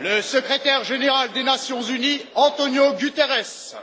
le secrétaire général des nations unies antonio guterres.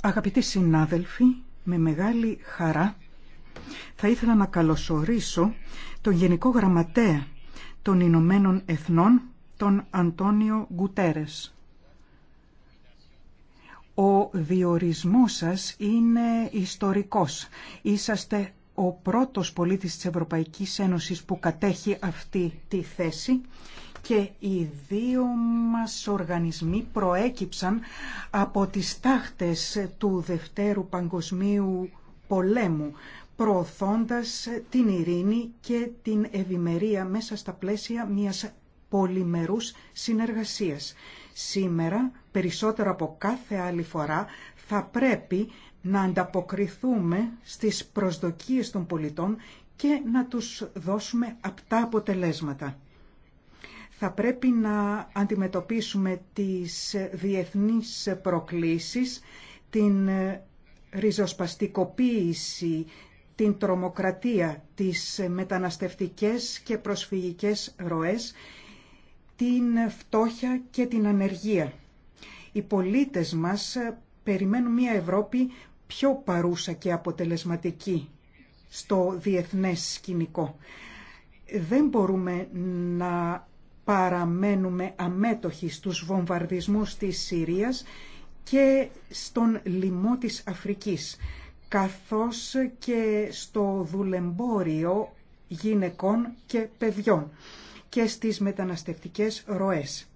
Αγαπητοί συνάδελφοι, με μεγάλη χαρά θα ήθελα να καλωσορίσω τον Γενικό Γραμματέα των Ηνωμένων Εθνών, τον Αντώνιο Γκουτέρες. Ο διορισμός σας είναι ιστορικός. Είσαστε ο πρώτος πολίτης της Ευρωπαϊκής Ένωσης που κατέχει αυτή τη θέση και οι δύο μας οργανισμοί προέκυψαν από τις τάχτες του Δευτέρου Παγκοσμίου Πολέμου, προωθώντας την ειρήνη και την ευημερία μέσα στα πλαίσια μιας πολυμερούς συνεργασίας. Σήμερα, περισσότερο από κάθε άλλη φορά, θα πρέπει να ανταποκριθούμε στις προσδοκίες των πολιτών και να τους δώσουμε απτά αποτελέσματα. Θα πρέπει να αντιμετωπίσουμε τις διεθνείς προκλήσεις, την ριζοσπαστικοποίηση, την τρομοκρατία, τις μεταναστευτικές και προσφυγικές ροές, την φτώχεια και την ανεργία. Οι πολίτες μας περιμένουν μια Ευρώπη πιο παρούσα και αποτελεσματική στο διεθνές σκηνικό. Δεν μπορούμε να παραμένουμε αμέτωχοι στους βομβαρδισμούς της Συρίας και στον λοιμό της Αφρικής, καθώς και στο δουλεμπόριο γυναικών και παιδιών και στις μεταναστευτικές ροές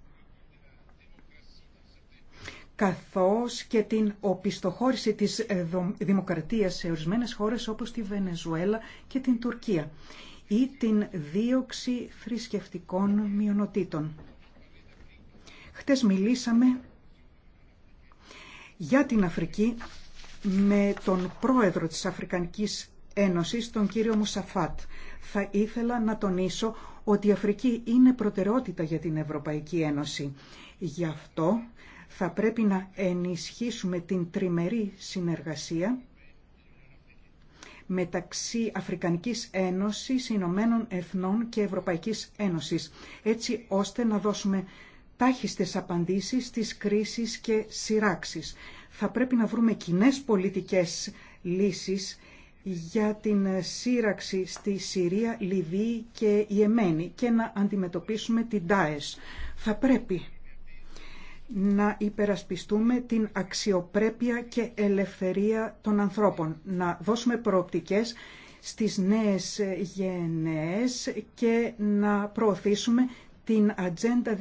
καθώς και την οπισθοχώρηση της δημοκρατίας σε ορισμένες χώρες όπως τη Βενεζουέλα και την Τουρκία ή την δίωξη θρησκευτικών μειονοτήτων. Χτες μιλήσαμε για την Αφρική με τον πρόεδρο της Αφρικανικής Ένωσης, τον κύριο Μουσαφάτ. Θα ήθελα να τονίσω ότι η Αφρική είναι προτεραιότητα για την Ευρωπαϊκή Ένωση. Γι' αυτό θα πρέπει να ενισχύσουμε την τριμερή συνεργασία μεταξύ Αφρικανικής Ένωσης, Ηνωμένων Εθνών και Ευρωπαϊκής Ένωσης, έτσι ώστε να δώσουμε τάχιστες απαντήσεις στις κρίσεις και σειράξεις. Θα πρέπει να βρούμε κοινέ πολιτικές λύσεις για την σύραξη στη Συρία, Λιβύη και Ιεμένη και να αντιμετωπίσουμε την ΤΑΕΣ. Θα πρέπει να υπερασπιστούμε την αξιοπρέπεια και ελευθερία των ανθρώπων, να δώσουμε προοπτικές στις νέες γενναίες και να προωθήσουμε την Ατζέντα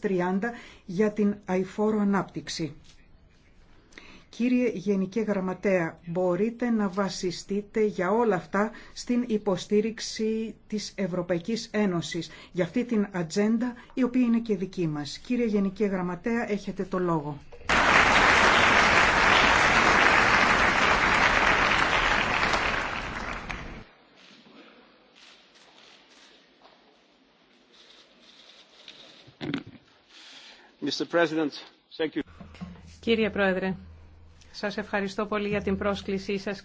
2030 για την αηφόρο ανάπτυξη. Κύριε Γενική Γραμματέα, μπορείτε να βασιστείτε για όλα αυτά στην υποστήριξη της Ευρωπαϊκής Ένωσης, για αυτή την ατζέντα η οποία είναι και δική μας. Κύριε Γενική Γραμματέα, έχετε το λόγο. Mr. President, Κύριε Πρόεδρε, σας ευχαριστώ πολύ για την πρόσκλησή σας.